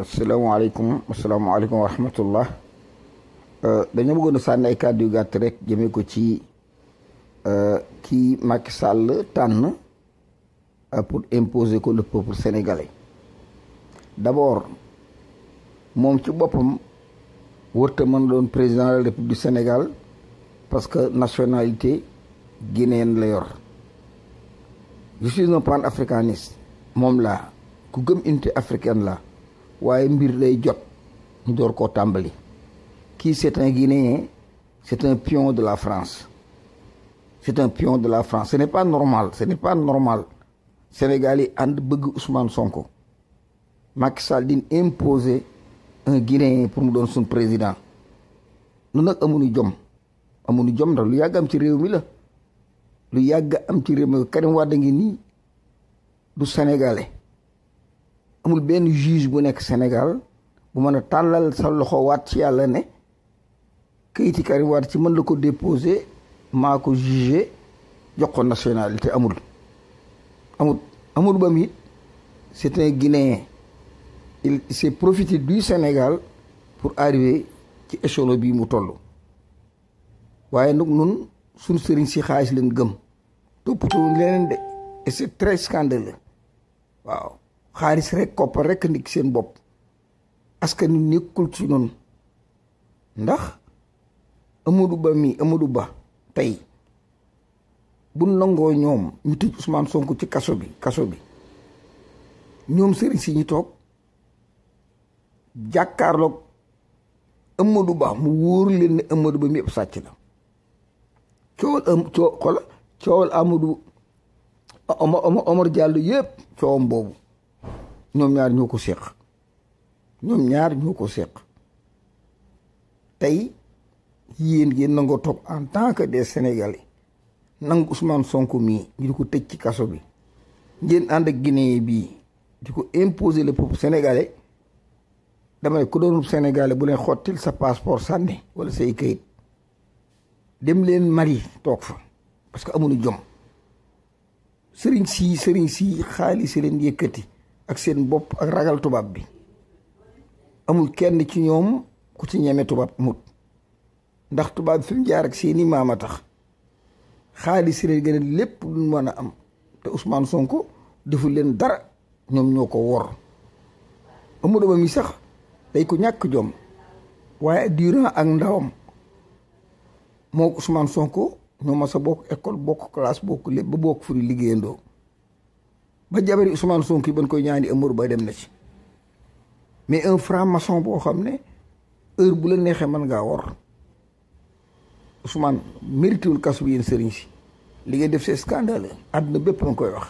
asalaamaaleykum asalaamaaleykum wa rahmatullah euh, dañoo bëggoon a sànni ay kàddu yu gàtt rek jëmee ko ci euh, kii Macky Sall tànn euh, pour imposer ko le peuple sénégalais d'abord moom ci boppam wërta mën doon président de la république du parce que nationalité guinéenne la yor je suis un pan moom laa ku gëm unité africaine la waaye mbir day jot ñu door koo tàmbali kii c'est un Guinéen c'est un pion de la France c'est un pion de la France ce n'est pas normal ce n'est pas normal Sénégal ànd bëgg Ousmane Sonko Macky Sall din imposer un Guinéen pour mu doon suñ président lu nag amuñu jom amuñu jom ndax lu yàgg am ci réew mi la lu yàgg am ci réew mi Karim Wade ngi nii du sénégalais amul benn juge bu nekk Sénégal bu mën a tàllal sa loxo waat ci yàlla ne kayiti Karim Wade ci mën la ko déposé maa ko jugé jox ko nationalité amul amul amul ba it c'est un Guinéen il s'est profité du Sénégal pour arriver ci échelon bii mu toll waaye nag nun suñu sëriñ si xaalis lañ gëm toppatoo leneen de et c'est très scandaleux waaw xaalis rek koppar rek ndik seen bopp askan wi nekkul ci noonu ndax Amadou Ba mi Amadou Ba tey bu nangoo ñoom ñu tëj Ousmane Sonko ci kaso bi kaso bi ñoom sëriñ si ñu toog jàkkaarloog Amadou Ba mu wóor leen ne Amadou Ba mi yëpp sàcc la coowal am coo xola coowal Amadou Omar Omar Diallo yëpp boobu ñoom ñaar ñoo ko séq ñoom ñaar ñoo ko séq tey yéen yéen nangoo toog en tant que des sénégalais nangu usmaan Sonko mii ñu di ko tëj ci kaso bi ngeen ànd ak Guinée bii di ko imposer le peuple sénégalais damay ku doonu sénégalais bu leen xottil sa passeport sànni wala say kayit dem leen mari toog fa parce que amuñu jom sëriñ sii sëriñ sii xaalis leen yëkkati ak seen bopp ak ragal tubaab bi amul kenn ci ñoom ku ci ñeme tubaab mut ndax tubaab fi mu jaar ak seeni maam tax xaalis leen gën a lépp lu mën a am te Ousmane Sonko deful leen dara ñoom ñoo ko wor Amadou Ba mi sax day ko ñàkk jom waaye durant ak ndawam moo Ousmane Sonko ñoo mas a bokk école bokk classe bokk lépp ba bokk fu ñu liggéeyandoo ba jabari Ousmane Sonko ban koy ñaani amour ba dem na ci mais un franc maçon boo xam ne heure bu la neexee man ngaa wor Ousmane méritéwul kasu bi yéen sëriñ si li ngay def c'est scandale àdduna bépp nga koy wax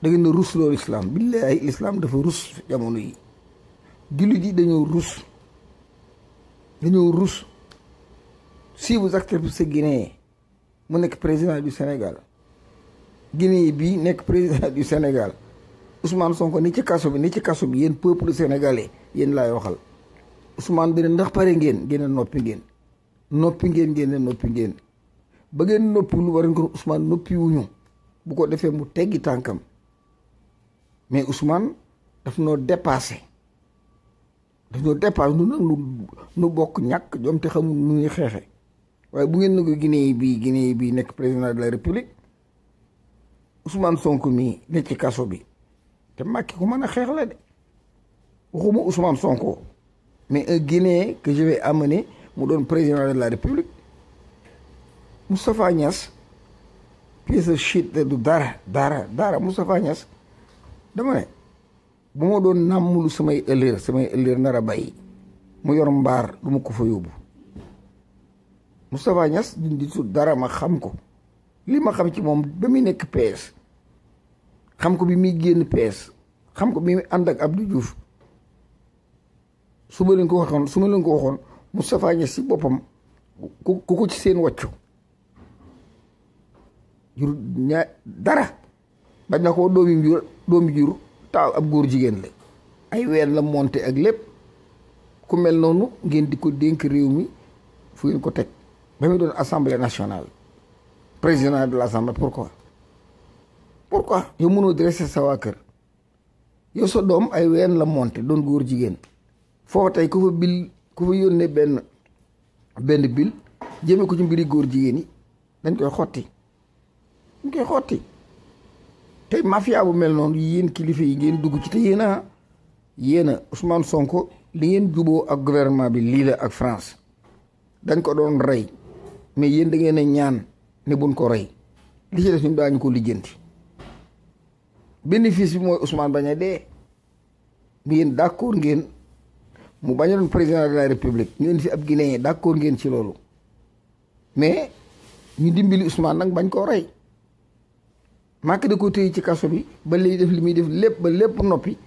da ngeen na rus loolu islam billahi islam dafa rus jamono yi jullit yi dañoo ruus dañoo rus si vous acceptez ce Guinéen mu nekk président du Sénégal Guinée bii nekk président du Sénégal Ousmane Sonko ni ci kaso bi ni ci kaso bi yéen peuple sénégalais yéen laay waxal Ousmane dina ndax pare ngeen ngeen noppi ngeen noppi ngeen ngeen noppi ngeen ba ngeen noppi lu war ko Ousmane noppi wuñu bu ko defee mu teggi tànkam mais Ousmane daf noo dépassé daf noo dépassé nu nag nu bokk ñàkk jom te xamul nu ñuy xeexe waaye bu ngeen na ko Guinée bii Guinée bii nekk président de la République Ousmane sonk mii ne ci kaso bi te Macky ko mën a xeex la de waxuma Ousmane Sonko mais un Guinéen que je mu doon président de la République Moustapha Niass pièce de du dara dara dara Moustapha Niass dama ne bu ma doon nàmmulu samay ëllëg samay ëllëg nar a bàyyi mu yor mbaar du ma ko fa yóbbu Moustapha Niass dindi su dara ma xam ko li ma xam ci moom ba muy nekk PS xam ko bi muy génn PS xam ko bi muy ànd ak Abdou Diouf su ma leen ko waxoon suma ma ko waxoon Moustapha Niass si boppam ku ko ci seen wàccu jur ña dara bañ na ko doomi jur doomi jur taaw ab góor jigéen la ay ween la monté ak lépp ku mel noonu ngeen di ko dénk réew mi fu ngeen ko teg ba muy doon assemblée nationale président de l'Assemblée pourquoi pourquoi yow mënoo dresser sa waa kër yow sa doom ay ween la monte doon góor jigéen foofa tey ku fa bil ku fa yónnee benn benn bil jëmee ko ci mbiri góor jigéen yi dañ koy xotti dañ koy xotti tey mafia bu mel noonu yéen kilifa yi ngeen dugg ci te yéen a yéen a Ousmane Sonko li ngeen juboo ak gouvernement bi lii ak France dañ ko doon rey mais yéen da ngeen a ñaan ne buñ ko rey li ci des ñun daañu ko lijjanti bénéfice bi mooy Ousmane bañ a dee bi yéen d'accord ngeen mu bañ a doon président de la république ñu indi si ab yi d'accord ngeen ci loolu mais ñu dimbali Ousmane nag bañ koo rey Macky da ko téye ci kaso bi ba lay def li muy def lépp ba lépp noppi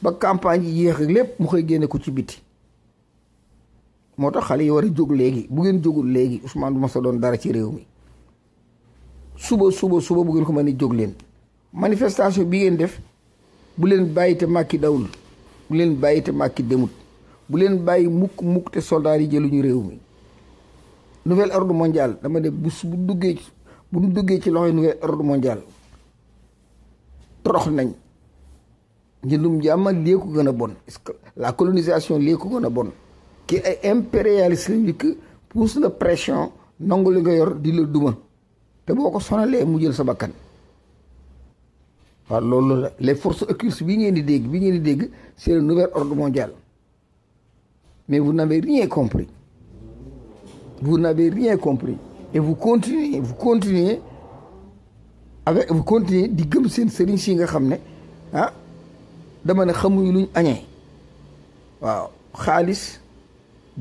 ba campagne yi yéex lépp mu koy génne ko ci biti moo tax xale yi war a jóg léegi bu ngeen jógul léegi Ousmane bu ma sa doon dara ci réew mi suba suba suba bu ngeen ko ma a jóg leen manifestation bi ngeen def bu leen bàyyi te màkki dawul bu leen bàyyi te màkki demut bu leen bàyyi mukk mukk te soldats yi jëluñu réew mi nouvel ordre mondial dama ne bu bu duggee bu ñu duggee ci loxoy nouvel ordre mondial torox nañ njëndum jàmm lii ko gën a bon est-ce que la colonisation lii ko gën a bon ki ay impérialiste lañu que pousse la pression nangu li nga yor di la duma te boo ko sonalee mu jël sa bakkan waaw loolu la les forces occultes bi ngeen di dégg bi ngeen di dégg c'est le nouvel ordre mais mais vous n'avez rien compris vous n'avez rien compris et vous continuez vous continuez avec vous continuez di gëm seen sëriñ si nga xam ne ah dama ne xamuñu luñ añee waaw xaalis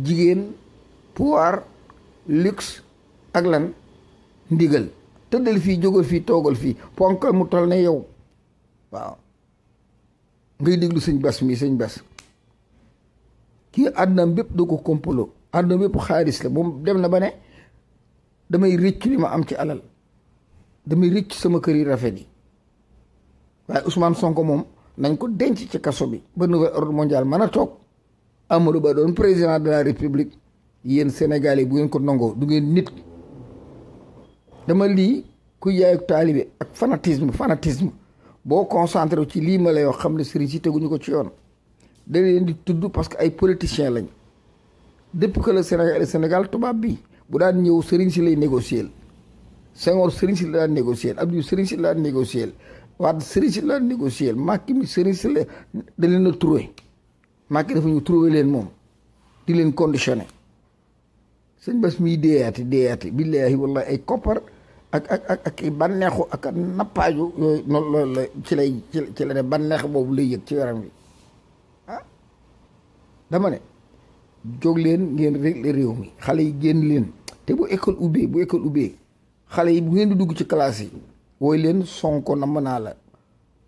jigéen pouvoir luxe ak lan ndigal tëddal fii jógal fii toogal fii ponkal mu tal ne yow waaw ngay déglu sëñ bas mi sëñ bas kii àdduna bépp du ko kompaloo àdduna bépp xaalis la moom dem na ba ne damay rëcc li ma am ci alal damay rëcc sama kër yi rafet yi waaye Ousmane Sonko moom nañ ko denc ci kaso bi ba nouvel ordre mondial mën a toog Amadou Ba doon président de la république yéen Sénégalais bu ngeen ko nangoo du ngeen nit dama lii ku yaay ak taalibe ak fanatisme fanatisme boo concentré ci lii ma lay wax xam ne sëriñ si teguñu ko ci yoon da leen di tudd parce que ay politiciens lañ depuis que le Sénégal tubaab bi bu daan ñëw sëriñ si lay négocier Senghor sëriñ si la daan négocier Abdou sëriñ la daan négocier Wade sëriñ si la daan négocier mi sëriñ si la da leen a trouvé Macky dafa ñu trouvé leen moom di leen conditionné sëñ bas miy deeyaati deeyaati billaahi wallaahi ay koppar ak ak ak ak bànneexu ak nappaaju yooyu noonu loolu la ci lay ci la ne bànneex boobu lay yëg ci yaram wi ah dama ne jóg leen ngeen réglé réew mi xale yi génn leen te bu école ubbee bu école ubbee xale yi bu ngeen di dugg ci classe yi wooy leen sonko namm naa la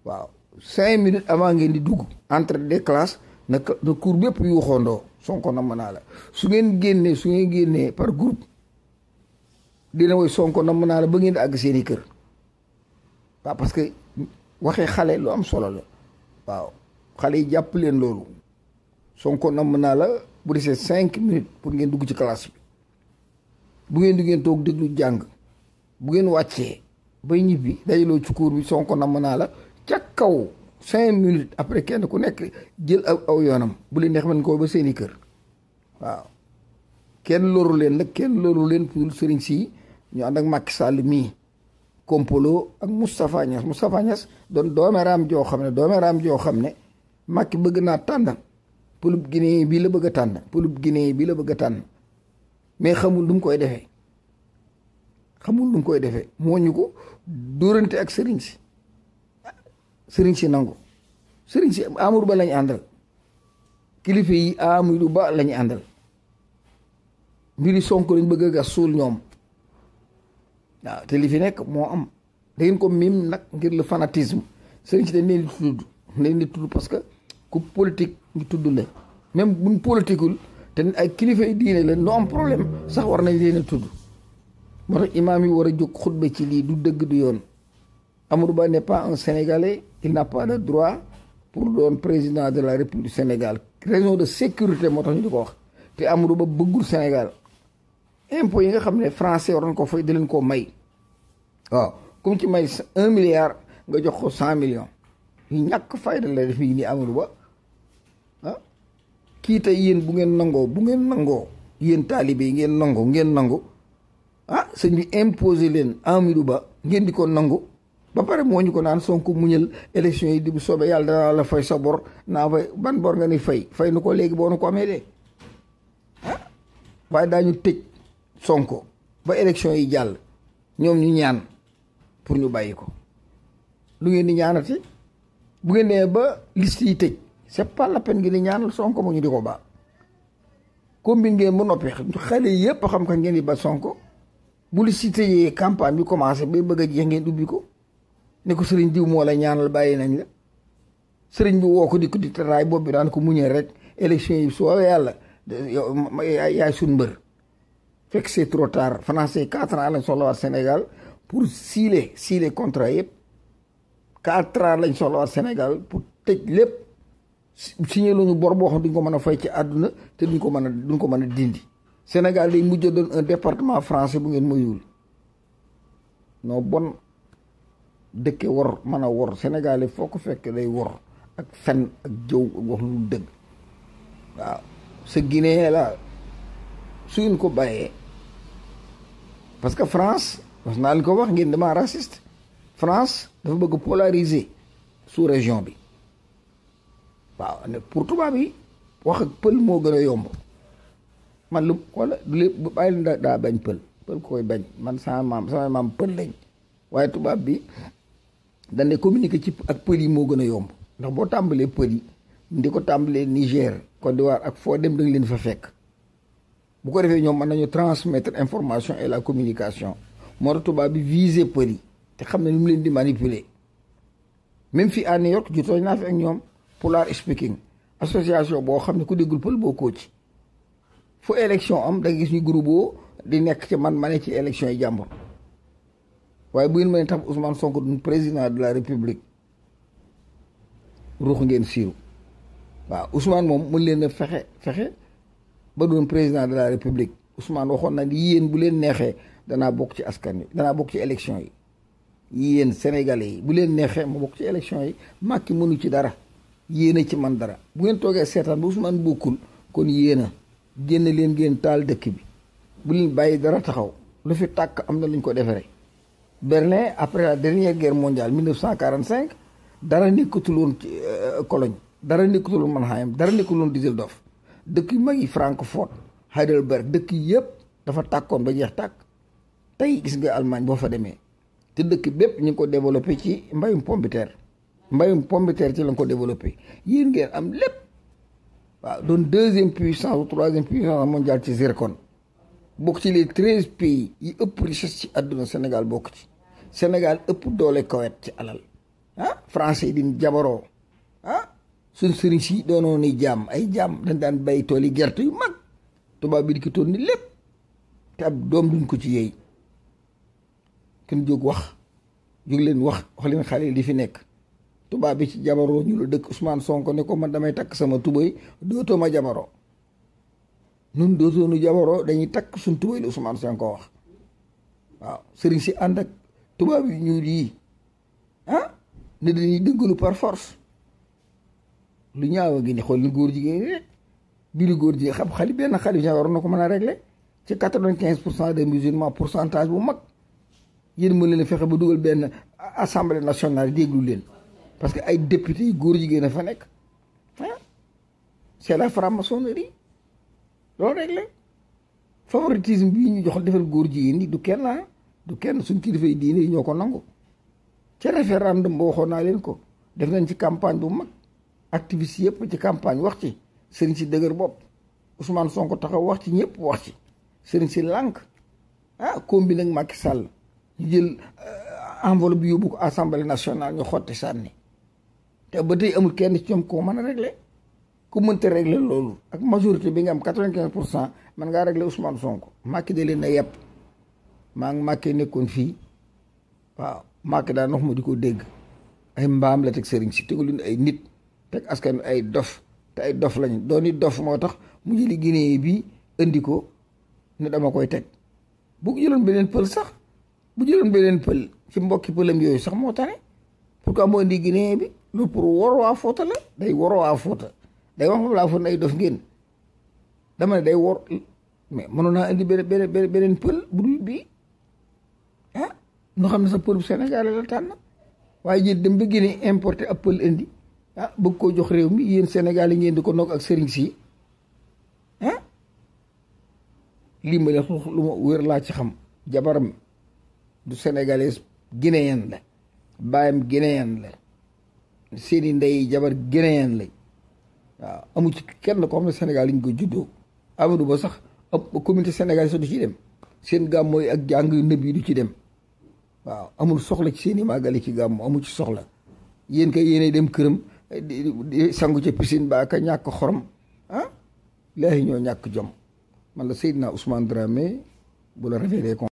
waaw cinq minutes avant ngeen di dugg entre des classes na na cours bépp yu waxoondoo sonko namm naa la su ngeen génnee su ngeen génnee par groupe dina woy sonko namm naa la ba ngeen àgg seen kër waaw parce que waxee xale lu am solo la waaw xale yi jàpp leen loolu sonko namm naa la bu desee cinq minutes pour ngeen dugg ci classe bi bu ngeen di ngeen toog déglu jàng bu ngeen wàccee bay ñibbi dajaloo ci cours bi sonko namm naa la ca kaw cinq minutes après kenn ku nekk jël aw aw yoonam bu leen neex man ko ba seen i kër waaw kenn loru leen nag kenn loolu leen pour sëriñ si ñu ànd ak Macky Sall mii kompolo ak Moustapha Niass Moustapha Niass doon doomeeraam joo xam ne doomeraam joo xam ne Macky bëgg naa tànn pulub Guinée bii la bëgg a tànn pulub Guinée bii la bëgg a tànn mais xamul lu koy defee xamul lu koy defee moo ñu ko dóorante ak sëriñ si sëriñ si nangu sëriñ si amur ba lañu àndal kilifa yi amuru ba lañu àndal mbiri Sonko lañ bëgg a gas suul ñoom waaw te li fi nekk moo am da ko miim nag ngir le fanatisme sëriñ si dañ leen tudd leen tudd parce que ku politique ñu tudd la même buñ politiqueul te ay kilifa yi diine la no am problème sax war nañ leen a tudd moo tax imaam yi war a jóg xutba ci lii du dëgg du yoon Amadou Ba n'est pas un Sénégalais il n'a pas le droit pour doon président de la République Sénégal raison de sécurité moo tax ñu di ko wax te Amadou Ba bëggul Sénégal impôt yi nga xam ne français waroon ko fay di leen koo may waaw comme ci may un nga jox ko cent millions yu ñàkk fayda la def yi ni amul ba ah, kii tey yéen bu ngeen nangoo bu ngeen nangoo yéen taalibe yi ngeen nangoo ngeen nangu a ah, sëñ bi imposé leen Amadou Ba ngeen di ko nangu ba pare moo ñu ko naan Sonko muñal élection yi di bu soobee yàlla danaa la fay sa bor naa fay ban bor nga ni fay fay nu ko léegi boo nu ko amee de ah waaye daañu tëj Sonko ba élection yi jàll ñoom ñu ñaan pour ñu bàyyi ko lu ngeen di ñaanati bu ngeen nee ba liste yi tëj c'est pas la peine ngeen di ñaanal Sonko mu ñu di ko ba combine ngeen ba noppi xale yëpp xam ka ngeen di ba Sonko bu liste yi tëjee campagne bi commencé ba bëgg a jeex ngeen ubbi ko ne ko sëriñ diw moo la ñaanal bàyyi nañ la sëriñ bi woo ko di ko di taraay bopp bi naan ko muñee rek élection yi soo yàlla yaay suñ mbër fekk c'est trop tard français quatre ans lañ soxla waat Sénégal pour siiler siiler contrat yëpp quatre ans lañ soxla waat Sénégal pour tëj lépp signé lu ñu bor boo xam duñ ko mën a fay ci àdduna te duñ ko mën a duñ ko mën a dindi Sénégal day mujj doon un département français bu ngeen moyul noo bon dëkke wor mën a wor Sénégal foo ko fekk day wor ak fen ak jëw ak wax lu dëgg waaw sa Guinée la su ngeen ko bàyyee parce que France wax naa leen ko wax ngeen dama raciste France dafa bëgg polariser sous région bi waaw ne pour tubaab yi wax ak pël moo gën a yomb man lu wala lu bàyyi leen daa bañ pël pël koy bañ man sama maam sama maam pël lañ waaye tubaab bi dañ ne communiquer ci ak pël yi moo gën a yomb ndax boo tàmbalee pël ndi ko tàmbalee Niger di d'Ivoire ak foo dem da leen fa fekk bu ko defee ñoom mën nañu transmettre information et la communication moo tax tubaab bi viser për te xam ne nu mu leen di manipuler même fii à New York jutooñ naa fi ak ñoom Polar Speaking association boo xam ne ku déggul pël boo koo ci fu élection am da nga gis ñu groupe di nekk ci man ma ne ci élection yi jàmbur waaye bu ngeen mënee tax Ousmane Sonko du président de la république ruux ngeen siiru waaw Ousmane moom mën leen fexe fexe. ba doon président de la république Ousmane waxoon na ni yéen bu leen neexee danaa bokk ci askan wi danaa bokk ci élection yi yéen sénégalais yi bu leen neexee ma bokk ci élection yi Macky mënu ci dara yéen a ci man dara bu ngeen toogee seetaan ba Ousmane bokkul kon yéen a génn leen ngeen taal dëkk bi bu leen bàyyi dara taxaw lu fi tàkk am na lu ñu ko defaree. Berlin après la dernière guerre mondiale 1945 dara nekkatul woon ci euh, Cologne dara nekkatul woon Mannheim dara nekkatul woon Düsseldorf dëkk yu mag yi Francfort Heidelberg dëkk yëpp dafa tàkkoon ba jeex tàkk tey gis nga Allemagne boo fa demee te dëkk bépp ñu ngi ko développé ci mbayum pombiteer mbayum pombiteer ci lañ ko développé yéen ngeen am lépp waaw doon deuxième puissance ou troisième puissance mondiale ci zircon bokk ci les treize pays yi ëpp richesse ci àdduna Sénégal bokk ci Sénégal ëpp doole kowet ci alal ah français yi jabaroo ah, suñ sëriñ si doonoon ni jaam ay jàmm dañ daan bay tool yi gerte yu mag tubaab bi di ko ni lépp te ab doom duñ ko ci yeey kenn jóg wax jóg leen wax wax leen xale li fi nekk tubaab bi ci jabaroo ñu dëkk Ousmane Sonko ne ko man damay takk sama tubéy dootoo ma jabaroo nun dootoo nu jabaroo dañuy takk suñ tubéy la Ousmane Sonko wax waaw sëriñ si ànd tubaab yi ñuul yi ah ne dañuy dëngalu par force lu ñaaw a gi ni xool góor jigéen rek biiru góor jigéen xam xali benn xali genre war na ko mën a régler ci quatre-vingt-quinze pour cent des pour pourcentage bu mag yéen mën leen fexe ba dugal benn assemblée nationale déglu leen parce que ay député yi góor jigéen a fa nekk ah c'est la franc loolu rek la favoritisme bii ñu jox defal góor jigéen ñi du kenn ah du kenn suñ kilifa yi diine yi ñoo ko nangu ca référendum ba waxoon naa leen ko def nañ ci campagne bu mag activiste yëpp ci campagne wax ci sëriñ si dëgër bopp Ousmane Sonko taxaw wax ci ñëpp wax ci sëriñ si lànk ah combi nag Macky Sall ñu jël euh, enveloppe bi yóbbu ko assemblée nationale ñu xotti sànni te ba tey amul kenn ci ñoom koo man a régler ku mënta régler loolu ak majorité bi nga am quatre vingt pour cent man ngaa régler Ousmane Sonko Macky da leen a yepp maa ngi Macky nekkoon fii waaw Macky daa nox ma di ko dégg ay mbaam la teg sëriñ si tegu leen ay nit teg askan ay dof te ay dof lañu dooni dof moo tax mu jëli Guinée bi indi ko ne dama koy teg bu jëloon beneen pël sax bu jëloon beneen pël fi mbokki pëlam yooyu sax moo tane ko moo indi Guinée bi loolu pour wor waa Fuuta la day wor waa Fuuta day wax moom laa foog ne ay dof day wor mais mënoon naa indi beneen beneen beneen pël bu dul bii ah noo xam ne sa pël waaye dem ba Guinée importé ab pël indi. ah bëgg koo jox réew mi yéen Sénégal yi ngeen di ko nokk ak sëriñ si ah lii ma leen lu ma wér laa ci xam jabaram du sénégalais guinéen la baayam guinéen la seeni ndey jabar guinéen lañ waaw amu ci kenn ko xam ne Sénégal liñ ko juddoo Amadou Ba sax ab communauté sénégalais seen gàmmo ak jàng yu nëb yi du ci dem waaw amul soxla ci seen i màggali ci gàmmo amul ci soxla yéen kay yéenay dem këram di sangu ci piscine ba ka ñàkk xorom ah laahi ñoo ñàkk jom man la Seydina Ousmane Dramé bu la révélé